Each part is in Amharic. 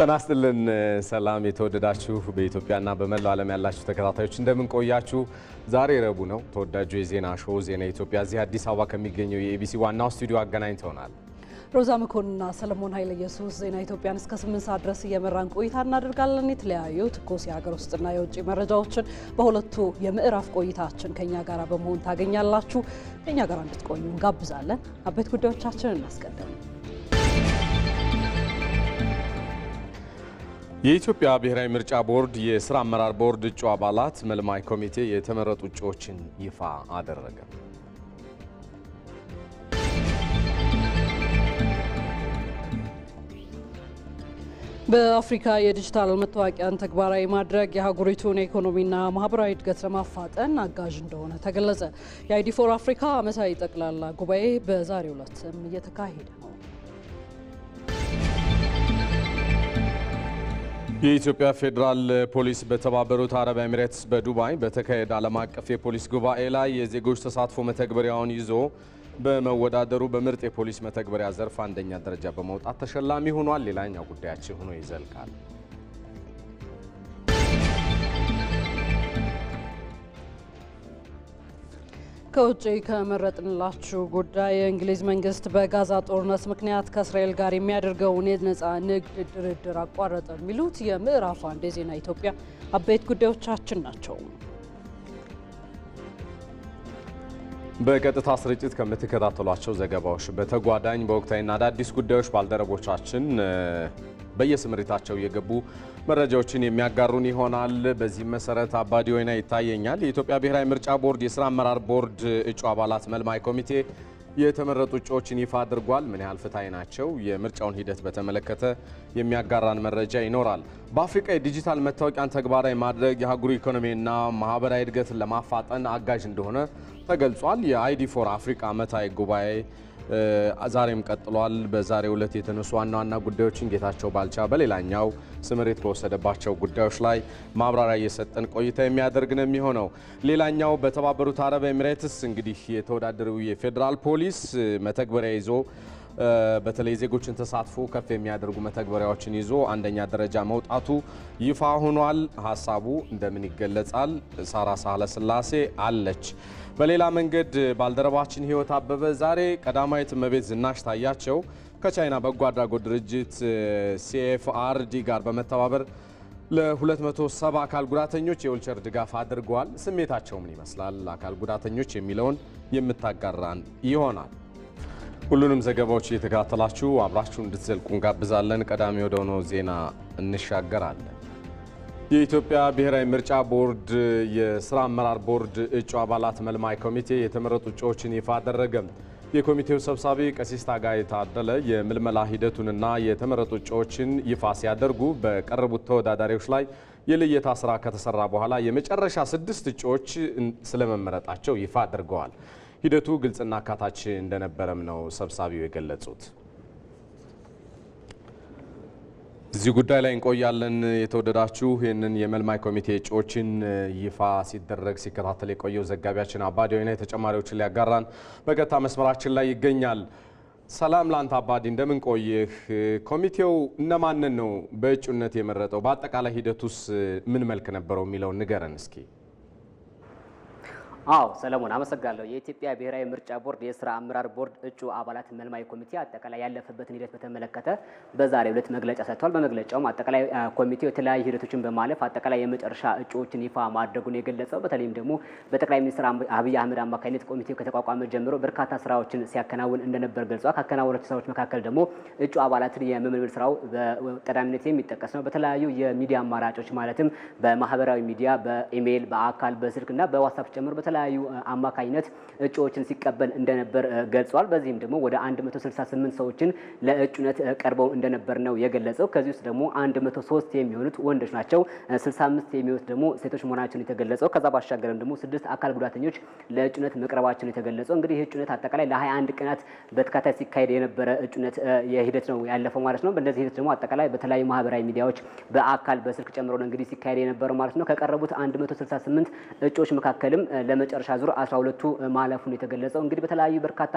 ጤና ይስጥልን። ሰላም የተወደዳችሁ በኢትዮጵያና በመላው ዓለም ያላችሁ ተከታታዮች እንደምን ቆያችሁ? ዛሬ ረቡዕ ነው። ተወዳጁ የዜና ሾው ዜና ኢትዮጵያ እዚህ አዲስ አበባ ከሚገኘው የኤቢሲ ዋናው ስቱዲዮ አገናኝተውናል። ሮዛ መኮንና ሰለሞን ኃይለ ኢየሱስ ዜና ኢትዮጵያን እስከ 8 ሰዓት ድረስ እየመራን ቆይታ እናደርጋለን። የተለያዩ ትኩስ የሀገር ውስጥና የውጭ መረጃዎችን በሁለቱ የምዕራፍ ቆይታችን ከኛ ጋር በመሆን ታገኛላችሁ። ከኛ ጋር እንድትቆዩ እንጋብዛለን። አበይት ጉዳዮቻችንን እናስቀድም። የኢትዮጵያ ብሔራዊ ምርጫ ቦርድ የስራ አመራር ቦርድ እጩ አባላት መልማይ ኮሚቴ የተመረጡ እጩዎችን ይፋ አደረገ። በአፍሪካ የዲጂታል መታወቂያን ተግባራዊ ማድረግ የሀገሪቱን ኢኮኖሚና ማህበራዊ እድገት ለማፋጠን አጋዥ እንደሆነ ተገለጸ። የአይዲ ፎር አፍሪካ መሳይ ጠቅላላ ጉባኤ በዛሬው ዕለትም እየተካሄደ ነው። የኢትዮጵያ ፌዴራል ፖሊስ በተባበሩት አረብ ኤምሬትስ በዱባይ በተካሄደ ዓለም አቀፍ የፖሊስ ጉባኤ ላይ የዜጎች ተሳትፎ መተግበሪያውን ይዞ በመወዳደሩ በምርጥ የፖሊስ መተግበሪያ ዘርፍ አንደኛ ደረጃ በመውጣት ተሸላሚ ሆኗል። ሌላኛው ጉዳያችን ሆኖ ይዘልቃል። ከውጭ ከመረጥንላችሁ ጉዳይ የእንግሊዝ መንግስት በጋዛ ጦርነት ምክንያት ከእስራኤል ጋር የሚያደርገውን የነፃ ንግድ ድርድር አቋረጠ የሚሉት የምዕራፍ አንድ የዜና ኢትዮጵያ አበይት ጉዳዮቻችን ናቸው። በቀጥታ ስርጭት ከምትከታተሏቸው ዘገባዎች በተጓዳኝ በወቅታዊና አዳዲስ ጉዳዮች ባልደረቦቻችን በየስምሪታቸው የገቡ መረጃዎችን የሚያጋሩን ይሆናል። በዚህም መሰረት አባዲ ወይና ይታየኛል። የኢትዮጵያ ብሔራዊ ምርጫ ቦርድ የስራ አመራር ቦርድ እጩ አባላት መልማይ ኮሚቴ የተመረጡ እጩዎችን ይፋ አድርጓል። ምን ያህል ፍትሐዊ ናቸው? የምርጫውን ሂደት በተመለከተ የሚያጋራን መረጃ ይኖራል። በአፍሪካ የዲጂታል መታወቂያን ተግባራዊ ማድረግ የአህጉሩ ኢኮኖሚና ማህበራዊ እድገትን ለማፋጠን አጋዥ እንደሆነ ተገልጿል። የአይዲ ፎር አፍሪካ ዓመታዊ ጉባኤ ዛሬም ቀጥሏል። በዛሬ ዕለት የተነሱ ዋና ዋና ጉዳዮችን ጌታቸው ባልቻ በሌላኛው ስምሪት በወሰደባቸው ጉዳዮች ላይ ማብራሪያ እየሰጠን ቆይታ የሚያደርግ ነው የሚሆነው። ሌላኛው በተባበሩት አረብ ኤሚሬትስ እንግዲህ የተወዳደረው የፌዴራል ፖሊስ መተግበሪያ ይዞ በተለይ ዜጎችን ተሳትፎ ከፍ የሚያደርጉ መተግበሪያዎችን ይዞ አንደኛ ደረጃ መውጣቱ ይፋ ሆኗል። ሀሳቡ እንደምን ይገለጻል? ሳራ ሳህለስላሴ አለች። በሌላ መንገድ ባልደረባችን ህይወት አበበ ዛሬ ቀዳማዊት እመቤት ዝናሽ ታያቸው ከቻይና በጎ አድራጎት ድርጅት ሲኤፍአርዲ ጋር በመተባበር ለ270 አካል ጉዳተኞች የዊልቸር ድጋፍ አድርገዋል። ስሜታቸው ምን ይመስላል? አካል ጉዳተኞች የሚለውን የምታጋራን ይሆናል። ሁሉንም ዘገባዎች እየተከታተላችሁ አብራችሁ እንድትዘልቁ እንጋብዛለን። ቀዳሚ ወደ ሆነው ዜና እንሻገራለን። የኢትዮጵያ ብሔራዊ ምርጫ ቦርድ የስራ አመራር ቦርድ እጩ አባላት መልማይ ኮሚቴ የተመረጡ እጩዎችን ይፋ አደረገ። የኮሚቴው ሰብሳቢ ቀሲስ ታጋይ የታደለ የምልመላ ሂደቱንና የተመረጡ እጩዎችን ይፋ ሲያደርጉ በቀረቡት ተወዳዳሪዎች ላይ የልየታ ስራ ከተሰራ በኋላ የመጨረሻ ስድስት እጩዎች ስለመመረጣቸው ይፋ አድርገዋል። ሂደቱ ግልጽና አካታች እንደነበረም ነው ሰብሳቢው የገለጹት። እዚህ ጉዳይ ላይ እንቆያለን። የተወደዳችሁ ይህንን የመልማይ ኮሚቴ እጩዎችን ይፋ ሲደረግ ሲከታተል የቆየው ዘጋቢያችን አባዲ ወይና የተጨማሪዎችን ሊያጋራን በቀጥታ መስመራችን ላይ ይገኛል። ሰላም ላንተ አባዲ፣ እንደምን ቆይህ? ኮሚቴው እነማንን ነው በእጩነት የመረጠው? በአጠቃላይ ሂደቱስ ምን መልክ ነበረው የሚለው ንገረን እስኪ። አዎ ሰለሞን አመሰግናለሁ። የኢትዮጵያ ብሔራዊ ምርጫ ቦርድ የስራ አመራር ቦርድ እጩ አባላት መልማይ ኮሚቴ አጠቃላይ ያለፈበትን ሂደት በተመለከተ በዛሬ ሁለት መግለጫ ሰጥቷል። በመግለጫውም አጠቃላይ ኮሚቴው የተለያዩ ሂደቶችን በማለፍ አጠቃላይ የመጨረሻ እጩዎችን ይፋ ማድረጉን የገለጸው በተለይም ደግሞ በጠቅላይ ሚኒስትር አብይ አህመድ አማካኝነት ኮሚቴው ከተቋቋመ ጀምሮ በርካታ ስራዎችን ሲያከናውን እንደነበር ገልጿል። ካከናወኑት ስራዎች መካከል ደግሞ እጩ አባላትን የመመልመል ስራው በቀዳሚነት የሚጠቀስ ነው። በተለያዩ የሚዲያ አማራጮች ማለትም በማህበራዊ ሚዲያ፣ በኢሜይል፣ በአካል፣ በስልክ እና በዋትሳፕ ጨምሮ በተለያዩ አማካኝነት እጩዎችን ሲቀበል እንደነበር ገልጿል። በዚህም ደግሞ ወደ 168 ሰዎችን ለእጩነት ቀርበው እንደነበር ነው የገለጸው። ከዚህ ውስጥ ደግሞ 103 የሚሆኑት ወንዶች ናቸው፣ 65 የሚሆኑት ደግሞ ሴቶች መሆናቸውን የተገለጸው። ከዛ ባሻገርም ደግሞ ስድስት አካል ጉዳተኞች ለእጩነት መቅረባቸውን የተገለጸው። እንግዲህ ይህ እጩነት አጠቃላይ ለ21 ቀናት በተከታታይ ሲካሄድ የነበረ እጩነት የሂደት ነው ያለፈው ማለት ነው። በእነዚህ ሂደት ደግሞ አጠቃላይ በተለያዩ ማህበራዊ ሚዲያዎች በአካል በስልክ ጨምሮ ነው እንግዲህ ሲካሄድ የነበረው ማለት ነው። ከቀረቡት 168 እጩዎች መካከልም መጨረሻ ዙር 12ቱ ማለፉን የተገለጸው። እንግዲህ በተለያዩ በርካታ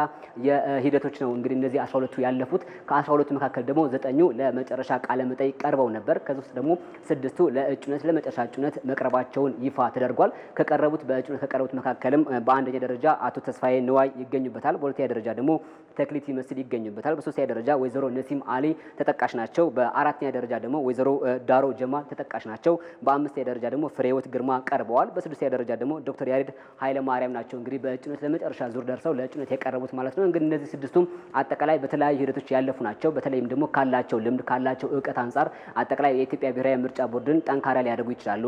የሂደቶች ነው እንግዲህ እነዚህ 12ቱ ያለፉት። 12 መካከል ደግሞ ዘጠኙ ለመጨረሻ ቃለ መጠይቅ ቀርበው ነበር። ከዚህ ውስጥ ደግሞ ስድስቱ ለእጩነት ለመጨረሻ እጩነት መቅረባቸውን ይፋ ተደርጓል። ከቀረቡት በእጩነት ከቀረቡት መካከልም በአንደኛ ደረጃ አቶ ተስፋዬ ንዋይ ይገኙበታል። በሁለተኛ ደረጃ ደግሞ ተክሊት ይመስል ይገኙበታል። በሶስተኛ ደረጃ ወይዘሮ ነሲም አሊ ተጠቃሽ ናቸው። በአራተኛ ደረጃ ደግሞ ወይዘሮ ዳሮ ጀማል ተጠቃሽ ናቸው። በአምስተኛ ደረጃ ደግሞ ፍሬህይወት ግርማ ቀርበዋል። በስድስተኛ ደረጃ ደግሞ ዶክተር ያሬድ ኃይለ ማርያም ናቸው እንግዲህ በእጩነት ለመጨረሻ ዙር ደርሰው ለእጩነት የቀረቡት ማለት ነው። እንግዲህ እነዚህ ስድስቱም አጠቃላይ በተለያዩ ሂደቶች ያለፉ ናቸው። በተለይም ደግሞ ካላቸው ልምድ ካላቸው እውቀት አንጻር አጠቃላይ የኢትዮጵያ ብሔራዊ ምርጫ ቦርድን ጠንካራ ሊያደርጉ ይችላሉ።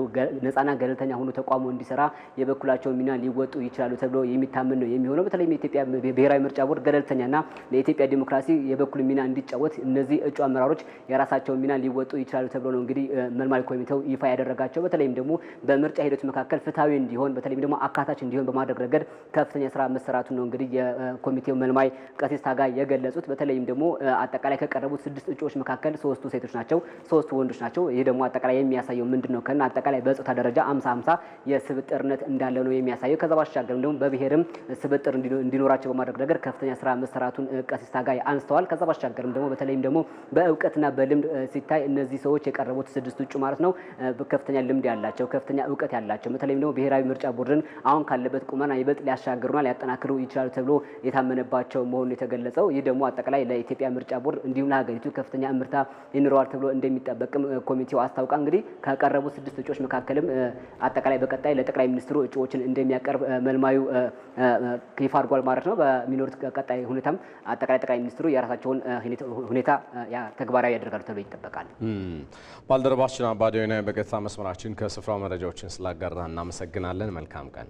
ነጻና ገለልተኛ ሆኖ ተቋሙ እንዲሰራ የበኩላቸውን ሚና ሊወጡ ይችላሉ ተብሎ የሚታመን ነው የሚሆነው። በተለይም የኢትዮጵያ ብሔራዊ ምርጫ ቦርድ ገለልተኛና ለኢትዮጵያ ዲሞክራሲ የበኩል ሚና እንዲጫወት እነዚህ እጩ አመራሮች የራሳቸውን ሚና ሊወጡ ይችላሉ ተብሎ ነው እንግዲህ መልማል ኮሚቴው ይፋ ያደረጋቸው። በተለይም ደግሞ በምርጫ ሂደቱ መካከል ፍትሐዊ እንዲሆን በተለይም ደግሞ አካታች እንዲሆን በማድረግ ረገድ ከፍተኛ ስራ መሰራቱን ነው እንግዲህ የኮሚቴው መልማይ ቀሲስ ታጋይ የገለጹት። በተለይም ደግሞ አጠቃላይ ከቀረቡት ስድስት እጩዎች መካከል ሶስቱ ሴቶች ናቸው፣ ሶስቱ ወንዶች ናቸው። ይህ ደግሞ አጠቃላይ የሚያሳየው ምንድን ነው ከና አጠቃላይ በጾታ ደረጃ አምሳ አምሳ የስብጥርነት እንዳለ ነው የሚያሳየው። ከዛ ባሻገርም ደግሞ በብሔርም ስብጥር እንዲኖራቸው በማድረግ ረገድ ከፍተኛ ስራ መሰራቱን ቀሲስ ታጋይ አንስተዋል። ከዛ ባሻገርም ደግሞ በተለይም ደግሞ በእውቀትና በልምድ ሲታይ እነዚህ ሰዎች የቀረቡት ስድስት እጩ ማለት ነው ከፍተኛ ልምድ ያላቸው ከፍተኛ እውቀት ያላቸው በተለይም ደግሞ ብሔራዊ ምርጫ ቦርድን አሁን አሁን ካለበት ቁመና ይበልጥ ሊያሻግሩና ሊያጠናክሩ ይችላሉ ተብሎ የታመነባቸው መሆኑ የተገለጸው ይህ ደግሞ አጠቃላይ ለኢትዮጵያ ምርጫ ቦርድ እንዲሁም ለሀገሪቱ ከፍተኛ እምርታ ይኖረዋል ተብሎ እንደሚጠበቅም ኮሚቴው አስታውቃ እንግዲህ ከቀረቡ ስድስት እጩዎች መካከልም አጠቃላይ በቀጣይ ለጠቅላይ ሚኒስትሩ እጩዎችን እንደሚያቀርብ መልማዩ ይፋ አድርጓል ማለት ነው። በሚኖሩት ቀጣይ ሁኔታም አጠቃላይ ጠቅላይ ሚኒስትሩ የራሳቸውን ሁኔታ ተግባራዊ ያደርጋሉ ተብሎ ይጠበቃል። ባልደረባችን አባዲዮና በቀጥታ መስመራችን ከስፍራው መረጃዎችን ስላጋራ እናመሰግናለን። መልካም ቀን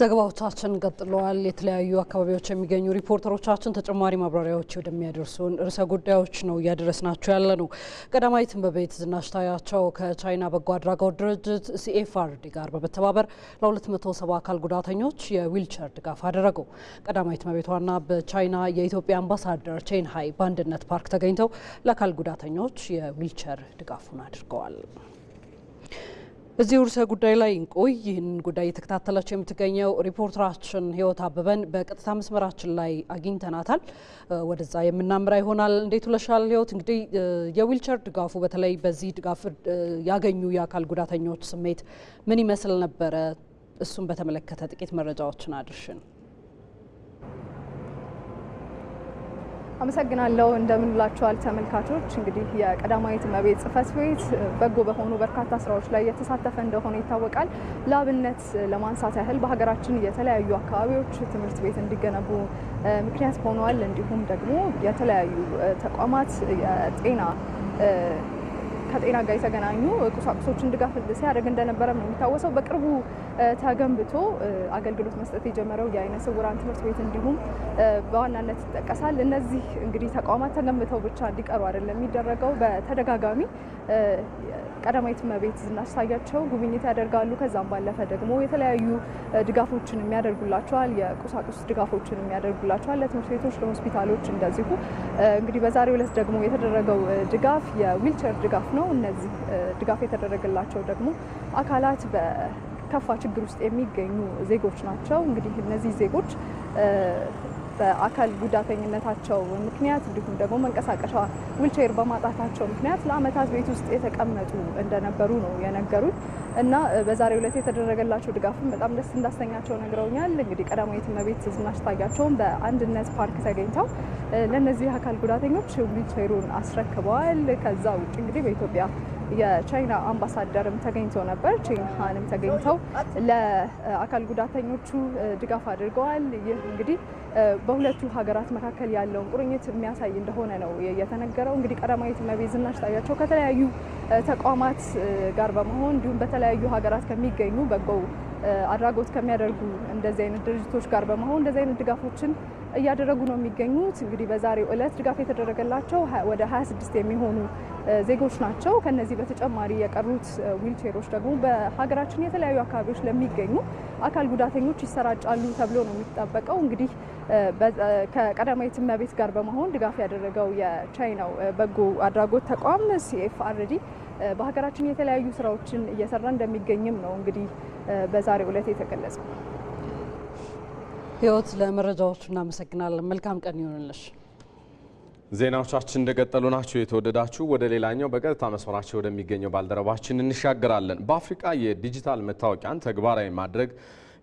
ዘገባዎቻችን ቀጥለዋል። የተለያዩ አካባቢዎች የሚገኙ ሪፖርተሮቻችን ተጨማሪ ማብራሪያዎች ወደሚያደርሱን ርዕሰ ጉዳዮች ነው እያደረስናቸው ያለ ነው። ቀዳማዊት እመቤት ዝናሽ ታያቸው ከቻይና በጎ አድራጎት ድርጅት ሲኤፍአርዲ ጋር በመተባበር ለ270 አካል ጉዳተኞች የዊልቸር ድጋፍ አደረጉ። ቀዳማዊት እመቤቷና በቻይና የኢትዮጵያ አምባሳደር ቼን ሀይ በአንድነት ፓርክ ተገኝተው ለአካል ጉዳተኞች የዊልቸር ድጋፉን አድርገዋል። በዚህ ርዕሰ ጉዳይ ላይ እንቆይ። ይህን ጉዳይ እየተከታተላቸው የምትገኘው ሪፖርተራችን ህይወት አበበን በቀጥታ መስመራችን ላይ አግኝተናታል። ወደዛ የምናምራ ይሆናል። እንዴት ውለሻል ህይወት? እንግዲህ የዊልቸር ድጋፉ በተለይ በዚህ ድጋፍ ያገኙ የአካል ጉዳተኞች ስሜት ምን ይመስል ነበረ? እሱን በተመለከተ ጥቂት መረጃዎችን አድርሽን። አመሰግናለሁ። እንደምንላችኋል ተመልካቾች። እንግዲህ የቀዳማዊት እመቤት ጽፈት ቤት በጎ በሆኑ በርካታ ስራዎች ላይ የተሳተፈ እንደሆነ ይታወቃል። ለአብነት ለማንሳት ያህል በሀገራችን የተለያዩ አካባቢዎች ትምህርት ቤት እንዲገነቡ ምክንያት ሆነዋል። እንዲሁም ደግሞ የተለያዩ ተቋማት የጤና ከጤና ጋር የተገናኙ ቁሳቁሶችን ድጋፍ ሲያደርግ እንደነበረም ነው የሚታወሰው። በቅርቡ ተገንብቶ አገልግሎት መስጠት የጀመረው የአይነ ስውራን ትምህርት ቤት እንዲሁም በዋናነት ይጠቀሳል። እነዚህ እንግዲህ ተቋማት ተገንብተው ብቻ እንዲቀሩ አይደለም የሚደረገው። በተደጋጋሚ ቀዳማዊት እመቤት ዝናሽ ጉብኝት ያደርጋሉ። ከዛም ባለፈ ደግሞ የተለያዩ ድጋፎችን የሚያደርጉላቸዋል፣ የቁሳቁስ ድጋፎችን የሚያደርጉላቸዋል ለትምህርት ቤቶች፣ ለሆስፒታሎች እንደዚሁ። እንግዲህ በዛሬው ዕለት ደግሞ የተደረገው ድጋፍ የዊልቸር ድጋፍ ነው። ነው። እነዚህ ድጋፍ የተደረገላቸው ደግሞ አካላት በከፋ ችግር ውስጥ የሚገኙ ዜጎች ናቸው። እንግዲህ እነዚህ ዜጎች በአካል ጉዳተኝነታቸው ምክንያት እንዲሁም ደግሞ መንቀሳቀሻ ዊልቸር በማጣታቸው ምክንያት ለአመታት ቤት ውስጥ የተቀመጡ እንደነበሩ ነው የነገሩት እና በዛሬው ዕለት የተደረገላቸው ድጋፍም በጣም ደስ እንዳሰኛቸው ነግረውኛል። እንግዲህ ቀዳማዊት እመቤት ዝናሽ ታያቸውም በአንድነት ፓርክ ተገኝተው ለእነዚህ አካል ጉዳተኞች ዊልቸሩን አስረክበዋል። ከዛ ውጭ እንግዲህ በኢትዮጵያ የቻይና አምባሳደርም ተገኝተው ነበር። ቼንሃንም ተገኝተው ለአካል ጉዳተኞቹ ድጋፍ አድርገዋል። ይህ እንግዲህ በሁለቱ ሀገራት መካከል ያለውን ቁርኝት የሚያሳይ እንደሆነ ነው የተነገረው። እንግዲህ ቀዳማዊት እመቤት ዝናሽ ታያቸው ከተለያዩ ተቋማት ጋር በመሆን እንዲሁም በተለያዩ ሀገራት ከሚገኙ በጎው አድራጎት ከሚያደርጉ እንደዚህ አይነት ድርጅቶች ጋር በመሆን እንደዚህ አይነት ድጋፎችን እያደረጉ ነው የሚገኙት። እንግዲህ በዛሬው እለት ድጋፍ የተደረገላቸው ወደ 26 የሚሆኑ ዜጎች ናቸው። ከነዚህ በተጨማሪ የቀሩት ዊልቸሮች ደግሞ በሀገራችን የተለያዩ አካባቢዎች ለሚገኙ አካል ጉዳተኞች ይሰራጫሉ ተብሎ ነው የሚጠበቀው። እንግዲህ ከቀዳማዊት እመቤት ጋር በመሆን ድጋፍ ያደረገው የቻይናው በጎ አድራጎት ተቋም ሲኤፍአርዲ በሀገራችን የተለያዩ ስራዎችን እየሰራ እንደሚገኝም ነው እንግዲህ በዛሬ ዕለት የተገለጸው። ህይወት፣ ለመረጃዎቹ እናመሰግናለን። መልካም ቀን ይሆንልሽ። ዜናዎቻችን እንደቀጠሉ ናቸው። የተወደዳችሁ ወደ ሌላኛው በቀጥታ መስመራቸው ወደሚገኘው ባልደረባችን እንሻገራለን። በአፍሪቃ የዲጂታል መታወቂያን ተግባራዊ ማድረግ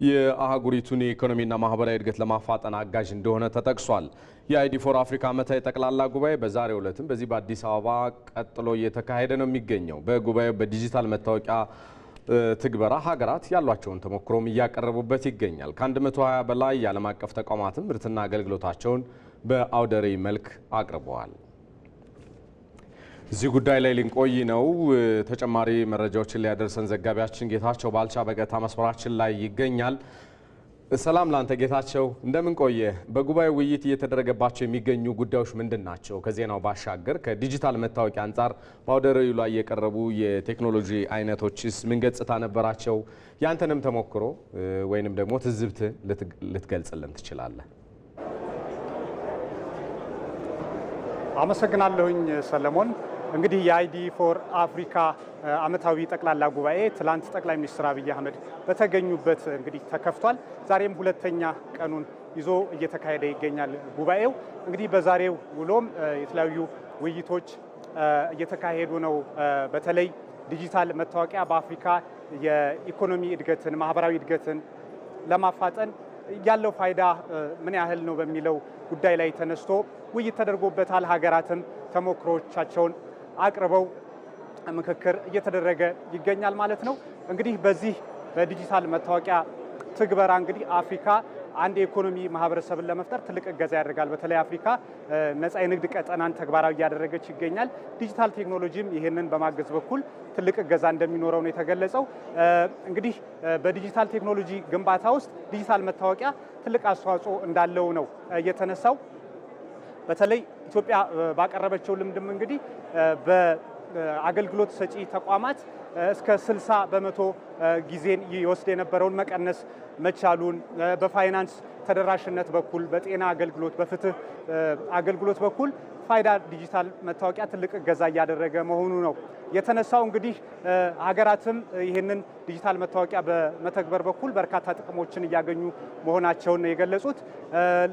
የአህጉሪቱን የኢኮኖሚና ማህበራዊ እድገት ለማፋጠን አጋዥ እንደሆነ ተጠቅሷል። የአይዲ ፎር አፍሪካ ዓመታዊ ጠቅላላ ጉባኤ በዛሬው ዕለትም በዚህ በአዲስ አበባ ቀጥሎ እየተካሄደ ነው የሚገኘው። በጉባኤው በዲጂታል መታወቂያ ትግበራ ሀገራት ያሏቸውን ተሞክሮም እያቀረቡበት ይገኛል። ከ120 በላይ የዓለም አቀፍ ተቋማትም ምርትና አገልግሎታቸውን በአውደ ርዕይ መልክ አቅርበዋል። እዚህ ጉዳይ ላይ ልንቆይ ነው። ተጨማሪ መረጃዎችን ሊያደርሰን ዘጋቢያችን ጌታቸው ባልቻ በቀጥታ መስመራችን ላይ ይገኛል። ሰላም ላንተ ጌታቸው፣ እንደምን ቆየ? በጉባኤው ውይይት እየተደረገባቸው የሚገኙ ጉዳዮች ምንድን ናቸው? ከዜናው ባሻገር ከዲጂታል መታወቂያ አንጻር በአውደ ርዕዩ ላይ የቀረቡ የቴክኖሎጂ አይነቶችስ ምን ገጽታ ነበራቸው? ያንተንም ተሞክሮ ወይንም ደግሞ ትዝብት ልትገልጽልን ትችላለህ? አመሰግናለሁኝ ሰለሞን። እንግዲህ የአይዲ ፎር አፍሪካ አመታዊ ጠቅላላ ጉባኤ ትላንት ጠቅላይ ሚኒስትር አብይ አህመድ በተገኙበት እንግዲህ ተከፍቷል። ዛሬም ሁለተኛ ቀኑን ይዞ እየተካሄደ ይገኛል ጉባኤው። እንግዲህ በዛሬው ውሎም የተለያዩ ውይይቶች እየተካሄዱ ነው። በተለይ ዲጂታል መታወቂያ በአፍሪካ የኢኮኖሚ እድገትን፣ ማህበራዊ እድገትን ለማፋጠን ያለው ፋይዳ ምን ያህል ነው በሚለው ጉዳይ ላይ ተነስቶ ውይይት ተደርጎበታል። ሀገራትም ተሞክሮቻቸውን አቅርበው ምክክር እየተደረገ ይገኛል ማለት ነው። እንግዲህ በዚህ በዲጂታል መታወቂያ ትግበራ እንግዲህ አፍሪካ አንድ የኢኮኖሚ ማህበረሰብን ለመፍጠር ትልቅ እገዛ ያደርጋል። በተለይ አፍሪካ ነጻ የንግድ ቀጠናን ተግባራዊ እያደረገች ይገኛል። ዲጂታል ቴክኖሎጂም ይህንን በማገዝ በኩል ትልቅ እገዛ እንደሚኖረው ነው የተገለጸው። እንግዲህ በዲጂታል ቴክኖሎጂ ግንባታ ውስጥ ዲጂታል መታወቂያ ትልቅ አስተዋጽኦ እንዳለው ነው እየተነሳው በተለይ ኢትዮጵያ ባቀረበችው ልምድም እንግዲህ በአገልግሎት ሰጪ ተቋማት እስከ 60 በመቶ ጊዜን ይወስድ የነበረውን መቀነስ መቻሉን በፋይናንስ ተደራሽነት በኩል በጤና አገልግሎት፣ በፍትህ አገልግሎት በኩል ፋይዳ ዲጂታል መታወቂያ ትልቅ እገዛ እያደረገ መሆኑ ነው የተነሳው። እንግዲህ ሀገራትም ይህንን ዲጂታል መታወቂያ በመተግበር በኩል በርካታ ጥቅሞችን እያገኙ መሆናቸውን የገለጹት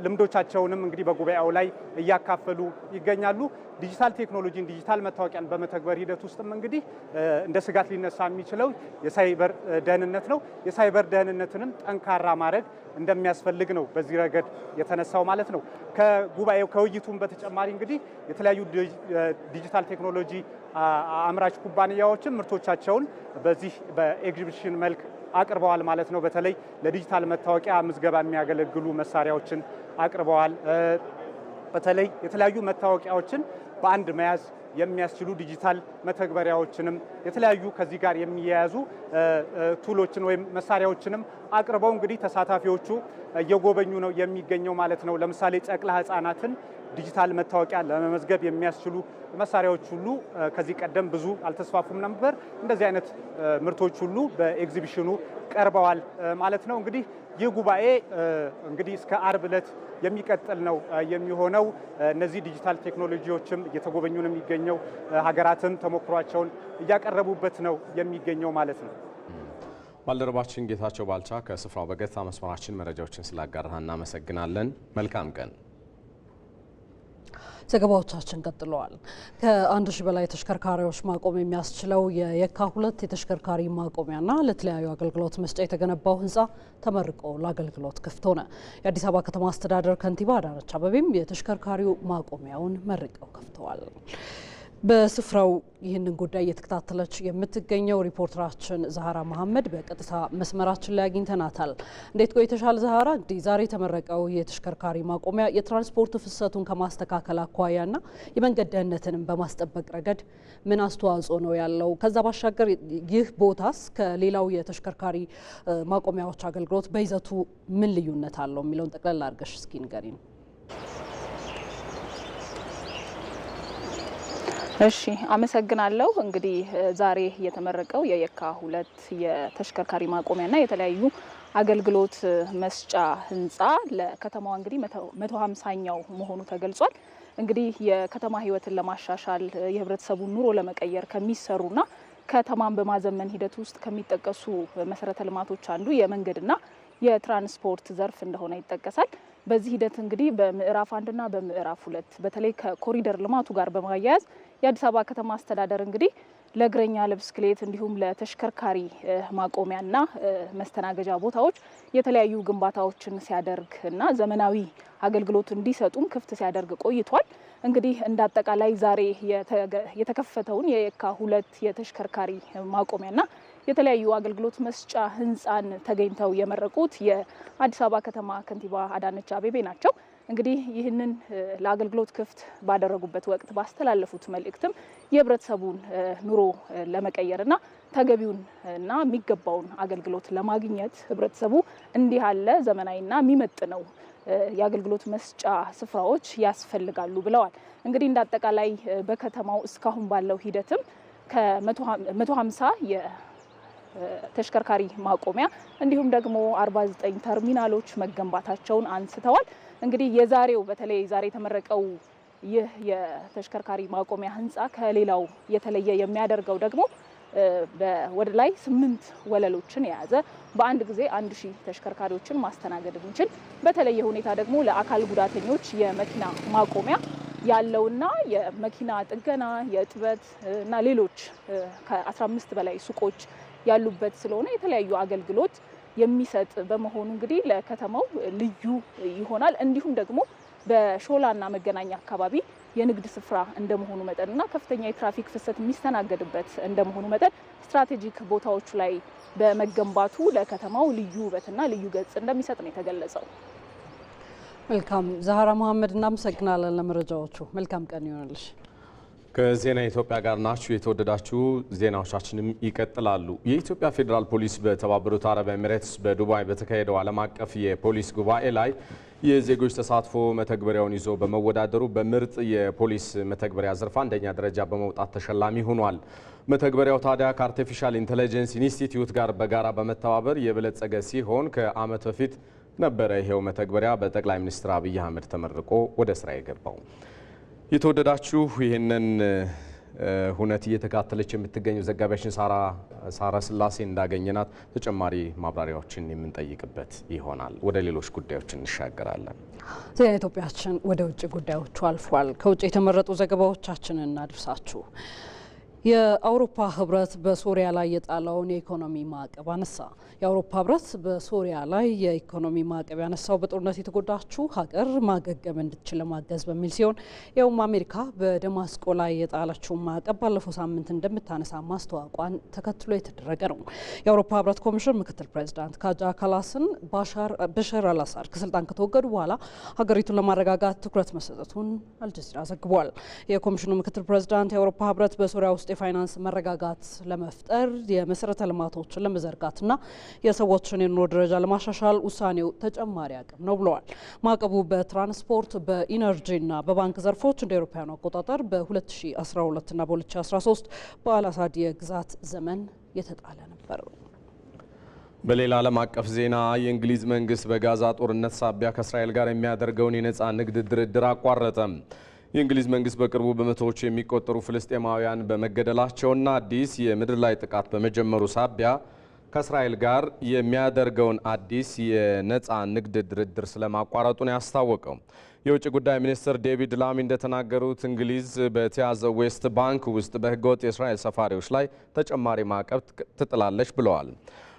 ልምዶቻቸውንም እንግዲህ በጉባኤው ላይ እያካፈሉ ይገኛሉ። ዲጂታል ቴክኖሎጂን ዲጂታል መታወቂያን በመተግበር ሂደት ውስጥም እንግዲህ እንደ ስጋት ሊነሳ የሚችለው የሳይበር ደህንነት ነው። የሳይበር ደህንነትንም ጠንካራ ማድረግ እንደሚያስፈልግ ነው በዚህ ረገድ የተነሳው ማለት ነው። ከጉባኤው ከውይይቱም በተጨማሪ እንግዲህ የተለያዩ ዲጂታል ቴክኖሎጂ አምራች ኩባንያዎችም ምርቶቻቸውን በዚህ በኤግዚቢሽን መልክ አቅርበዋል ማለት ነው። በተለይ ለዲጂታል መታወቂያ ምዝገባ የሚያገለግሉ መሳሪያዎችን አቅርበዋል። በተለይ የተለያዩ መታወቂያዎችን በአንድ መያዝ የሚያስችሉ ዲጂታል መተግበሪያዎችንም የተለያዩ ከዚህ ጋር የሚያያዙ ቱሎችን ወይም መሳሪያዎችንም አቅርበው እንግዲህ ተሳታፊዎቹ እየጎበኙ ነው የሚገኘው ማለት ነው። ለምሳሌ ጨቅላ ህጻናትን ዲጂታል መታወቂያ ለመመዝገብ የሚያስችሉ መሳሪያዎች ሁሉ ከዚህ ቀደም ብዙ አልተስፋፉም ነበር። እንደዚህ አይነት ምርቶች ሁሉ በኤግዚቢሽኑ ቀርበዋል ማለት ነው እንግዲህ ይህ ጉባኤ እንግዲህ እስከ አርብ ዕለት የሚቀጥል ነው የሚሆነው። እነዚህ ዲጂታል ቴክኖሎጂዎችም እየተጎበኙ ነው የሚገኘው። ሀገራትም ተሞክሯቸውን እያቀረቡበት ነው የሚገኘው ማለት ነው። ባልደረባችን ጌታቸው ባልቻ ከስፍራው በገታ መስመራችን መረጃዎችን ስላጋራህ እናመሰግናለን። መልካም ቀን። ዘገባዎቻችን ቀጥለዋል። ከአንድ ሺ በላይ ተሽከርካሪዎች ማቆም የሚያስችለው የየካ ሁለት የተሽከርካሪ ማቆሚያና ለተለያዩ አገልግሎት መስጫ የተገነባው ህንፃ ተመርቆ ለአገልግሎት ክፍት ሆነ። የአዲስ አበባ ከተማ አስተዳደር ከንቲባ አዳነች አበቤም የተሽከርካሪው ማቆሚያውን መርቀው ከፍተዋል። በስፍራው ይህንን ጉዳይ እየተከታተለች የምትገኘው ሪፖርተራችን ዛህራ መሀመድ በቀጥታ መስመራችን ላይ አግኝተናታል። እንዴት ቆይተሻል ዛህራ? እንዲህ ዛሬ የተመረቀው የተሽከርካሪ ማቆሚያ የትራንስፖርት ፍሰቱን ከማስተካከል አኳያና የመንገድ ደህንነትንም በማስጠበቅ ረገድ ምን አስተዋጽኦ ነው ያለው? ከዛ ባሻገር ይህ ቦታስ ከሌላው የተሽከርካሪ ማቆሚያዎች አገልግሎት በይዘቱ ምን ልዩነት አለው የሚለውን ጠቅላላ አድርገሽ እስኪ ንገሪ እሺ አመሰግናለሁ። እንግዲህ ዛሬ የተመረቀው የየካ ሁለት የተሽከርካሪ ማቆሚያና የተለያዩ አገልግሎት መስጫ ህንፃ ለከተማዋ እንግዲህ መቶ ሀምሳኛው መሆኑ ተገልጿል። እንግዲህ የከተማ ህይወትን ለማሻሻል የህብረተሰቡን ኑሮ ለመቀየር ከሚሰሩና ከተማን በማዘመን ሂደት ውስጥ ከሚጠቀሱ መሰረተ ልማቶች አንዱ የመንገድና የትራንስፖርት ዘርፍ እንደሆነ ይጠቀሳል። በዚህ ሂደት እንግዲህ በምዕራፍ አንድና በምዕራፍ ሁለት በተለይ ከኮሪደር ልማቱ ጋር በማያያዝ የአዲስ አበባ ከተማ አስተዳደር እንግዲህ ለእግረኛ ለብስክሌት እንዲሁም ለተሽከርካሪ ማቆሚያና መስተናገጃ ቦታዎች የተለያዩ ግንባታዎችን ሲያደርግ እና ዘመናዊ አገልግሎት እንዲሰጡም ክፍት ሲያደርግ ቆይቷል። እንግዲህ እንደ አጠቃላይ ዛሬ የተከፈተውን የየካ ሁለት የተሽከርካሪ ማቆሚያና የተለያዩ አገልግሎት መስጫ ህንፃን ተገኝተው የመረቁት የአዲስ አበባ ከተማ ከንቲባ አዳነች አቤቤ ናቸው። እንግዲህ ይህንን ለአገልግሎት ክፍት ባደረጉበት ወቅት ባስተላለፉት መልእክትም የህብረተሰቡን ኑሮ ለመቀየርና ተገቢውን እና የሚገባውን አገልግሎት ለማግኘት ህብረተሰቡ እንዲህ ያለ ዘመናዊና የሚመጥነው የአገልግሎት መስጫ ስፍራዎች ያስፈልጋሉ ብለዋል። እንግዲህ እንደ አጠቃላይ በከተማው እስካሁን ባለው ሂደትም ከመቶ ሀምሳ ተሽከርካሪ ማቆሚያ እንዲሁም ደግሞ 49 ተርሚናሎች መገንባታቸውን አንስተዋል። እንግዲህ የዛሬው በተለይ ዛሬ የተመረቀው ይህ የተሽከርካሪ ማቆሚያ ህንፃ ከሌላው የተለየ የሚያደርገው ደግሞ ወደ ላይ ስምንት ወለሎችን የያዘ በአንድ ጊዜ አንድ ሺህ ተሽከርካሪዎችን ማስተናገድ የሚችል በተለየ ሁኔታ ደግሞ ለአካል ጉዳተኞች የመኪና ማቆሚያ ያለውና የመኪና ጥገና የእጥበት እና ሌሎች ከ15 በላይ ሱቆች ያሉበት ስለሆነ የተለያዩ አገልግሎት የሚሰጥ በመሆኑ እንግዲህ ለከተማው ልዩ ይሆናል። እንዲሁም ደግሞ በሾላና መገናኛ አካባቢ የንግድ ስፍራ እንደመሆኑ መጠንና ከፍተኛ የትራፊክ ፍሰት የሚስተናገድበት እንደመሆኑ መጠን ስትራቴጂክ ቦታዎቹ ላይ በመገንባቱ ለከተማው ልዩ ውበትና ልዩ ገጽ እንደሚሰጥ ነው የተገለጸው። መልካም ዛህራ መሀመድ እናመሰግናለን ለመረጃዎቹ። መልካም ቀን ይሆናልሽ። ከዜና ኢትዮጵያ ጋር ናችሁ የተወደዳችሁ ዜናዎቻችንም ይቀጥላሉ። የኢትዮጵያ ፌዴራል ፖሊስ በተባበሩት አረብ ኤምሬትስ በዱባይ በተካሄደው ዓለም አቀፍ የፖሊስ ጉባኤ ላይ የዜጎች ተሳትፎ መተግበሪያውን ይዞ በመወዳደሩ በምርጥ የፖሊስ መተግበሪያ ዘርፍ አንደኛ ደረጃ በመውጣት ተሸላሚ ሆኗል። መተግበሪያው ታዲያ ከአርቲፊሻል ኢንቴሊጀንስ ኢንስቲትዩት ጋር በጋራ በመተባበር የበለጸገ ሲሆን ከዓመት በፊት ነበረ ይሄው መተግበሪያ በጠቅላይ ሚኒስትር አብይ አህመድ ተመርቆ ወደ ስራ የገባው። የተወደዳችሁ ይህንን ሁነት እየተካተለች የምትገኘው ዘጋቢያችን ሳራ ስላሴ እንዳገኘናት ተጨማሪ ማብራሪያዎችን የምንጠይቅበት ይሆናል። ወደ ሌሎች ጉዳዮች እንሻገራለን። ዜና ኢትዮጵያችን ወደ ውጭ ጉዳዮቹ አልፏል። ከውጭ የተመረጡ ዘገባዎቻችንን እናድርሳችሁ። የአውሮፓ ህብረት በሶሪያ ላይ የጣለውን የኢኮኖሚ ማዕቀብ አነሳ። የአውሮፓ ህብረት በሶሪያ ላይ የኢኮኖሚ ማዕቀብ ያነሳው በጦርነት የተጎዳችው ሀገር ማገገም እንድትችል ለማገዝ በሚል ሲሆን ይኸውም አሜሪካ በደማስቆ ላይ የጣለችውን ማዕቀብ ባለፈው ሳምንት እንደምታነሳ ማስተዋቋን ተከትሎ የተደረገ ነው። የአውሮፓ ህብረት ኮሚሽን ምክትል ፕሬዚዳንት ካጃ ካላስን በሻር አላሳድ ከስልጣን ከተወገዱ በኋላ ሀገሪቱን ለማረጋጋት ትኩረት መሰጠቱን አልጀዚራ ዘግቧል። የኮሚሽኑ ምክትል ፕሬዚዳንት የአውሮፓ ህብረት በሶሪያ ውስጥ የፋይናንስ መረጋጋት ለመፍጠር የመሰረተ ልማቶችን ለመዘርጋትና የሰዎችን የኑሮ ደረጃ ለማሻሻል ውሳኔው ተጨማሪ አቅም ነው ብለዋል። ማዕቀቡ በትራንስፖርት በኢነርጂና በባንክ ዘርፎች እንደ አውሮፓውያኑ አቆጣጠር በ2012ና በ2013 በአልአሳድ የግዛት ዘመን የተጣለ ነበር። በሌላ ዓለም አቀፍ ዜና የእንግሊዝ መንግስት በጋዛ ጦርነት ሳቢያ ከእስራኤል ጋር የሚያደርገውን የነፃ ንግድ ድርድር አቋረጠ። የእንግሊዝ መንግስት በቅርቡ በመቶዎች የሚቆጠሩ ፍልስጤማውያን በመገደላቸውና አዲስ የምድር ላይ ጥቃት በመጀመሩ ሳቢያ ከእስራኤል ጋር የሚያደርገውን አዲስ የነፃ ንግድ ድርድር ስለማቋረጡን ያስታወቀው የውጭ ጉዳይ ሚኒስትር ዴቪድ ላሚ እንደተናገሩት እንግሊዝ በተያዘ ዌስት ባንክ ውስጥ በህገወጥ የእስራኤል ሰፋሪዎች ላይ ተጨማሪ ማዕቀብ ትጥላለች ብለዋል።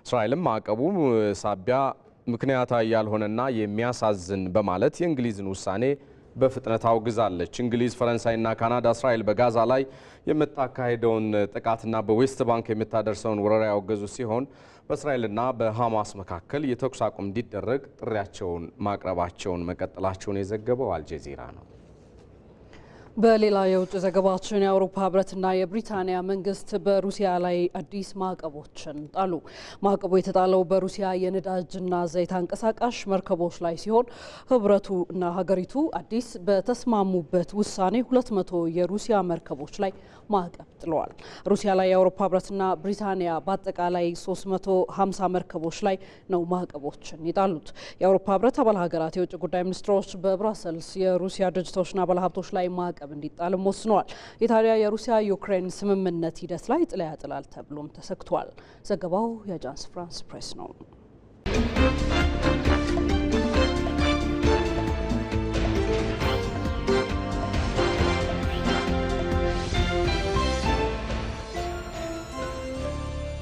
እስራኤልም ማዕቀቡ ሳቢያ ምክንያታዊ ያልሆነና የሚያሳዝን በማለት የእንግሊዝን ውሳኔ በፍጥነት አውግዛለች። እንግሊዝ፣ ፈረንሳይና ካናዳ እስራኤል በጋዛ ላይ የምታካሄደውን ጥቃትና በዌስት ባንክ የምታደርሰውን ወረራ ያወገዙ ሲሆን በእስራኤልና በሐማስ መካከል የተኩስ አቁም እንዲደረግ ጥሪያቸውን ማቅረባቸውን መቀጠላቸውን የዘገበው አልጀዚራ ነው። በሌላ የውጭ ዘገባችን የአውሮፓ ህብረትና የብሪታንያ መንግስት በሩሲያ ላይ አዲስ ማዕቀቦችን ጣሉ። ማዕቀቡ የተጣለው በሩሲያ የነዳጅና ዘይት አንቀሳቃሽ መርከቦች ላይ ሲሆን ህብረቱ እና ሀገሪቱ አዲስ በተስማሙበት ውሳኔ 200 የሩሲያ መርከቦች ላይ ማዕቀብ ጥለዋል። ሩሲያ ላይ የአውሮፓ ህብረትና ብሪታንያ በአጠቃላይ 350 መርከቦች ላይ ነው ማዕቀቦችን ይጣሉት። የአውሮፓ ህብረት አባል ሀገራት የውጭ ጉዳይ ሚኒስትሮች በብራሰልስ የሩሲያ ድርጅቶችና ባለሀብቶች ላይ ማዕቀብ ማዕቀብ እንዲጣልም ወስኗል። ኢታሊያ የሩሲያ ዩክሬን ስምምነት ሂደት ላይ ጥላ ያጥላል ተብሎም ተሰግቷል። ዘገባው የአጃንስ ፍራንስ ፕሬስ ነው።